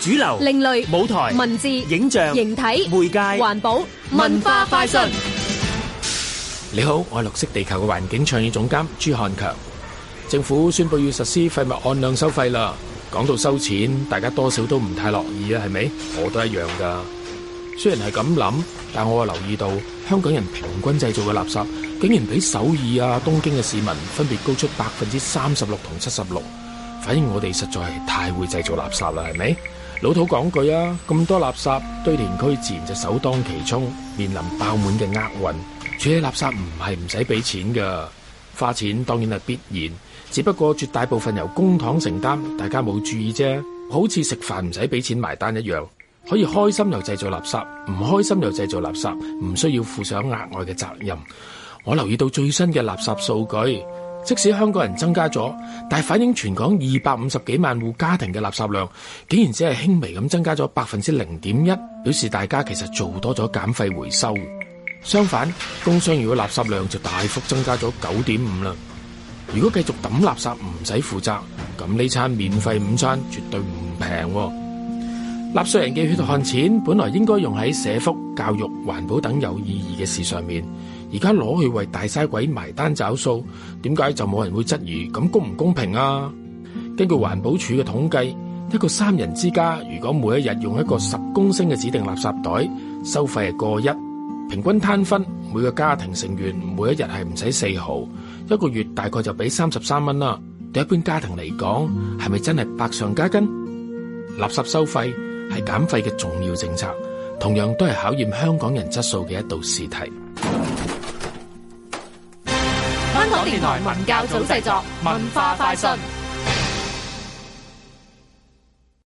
主流、另類舞台、文字、影像、形體、媒介、環保、文化快訊。你好，我係綠色地球嘅環境倡議總監朱漢強。政府宣布要實施廢物按量收費啦，講到收錢，大家多少都唔太樂意呀，係咪？我都一樣噶。雖然係咁諗，但我又留意到，香港人平均製造嘅垃圾，竟然比首爾啊、東京嘅市民分別高出百分之三十六同七十六。反而我哋實在係太會製造垃圾啦，係咪？老土講句啊，咁多垃圾堆填區自然就首當其衝，面臨爆滿嘅厄運。處理垃圾唔係唔使俾錢噶，花錢當然係必然，只不過絕大部分由公帑承擔，大家冇注意啫。好似食飯唔使俾錢埋單一樣，可以開心又製造垃圾，唔開心又製造垃圾，唔需要負上額外嘅責任。我留意到最新嘅垃圾數據。即使香港人增加咗，但係反映全港二百五十幾萬戶家庭嘅垃圾量，竟然只係輕微咁增加咗百分之零點一，表示大家其實做多咗減廢回收。相反，工商業嘅垃圾量就大幅增加咗九點五啦。如果繼續抌垃圾唔使負責，咁呢餐免費午餐絕對唔平哦。納稅人嘅血汗錢本來應該用喺社福、教育、環保等有意義嘅事上面。而家攞去為大嘥鬼埋單找數，點解就冇人會質疑？咁公唔公平啊？根據環保署嘅統計，一個三人之家如果每一日用一個十公升嘅指定垃圾袋，收費係過一，平均攤分每個家庭成員每一日係唔使四毫，一個月大概就俾三十三蚊啦。對一般家庭嚟講，係咪真係百上加斤？垃圾收費係減費嘅重要政策，同樣都係考驗香港人質素嘅一道試題。香港電台文教組製作，文化快訊。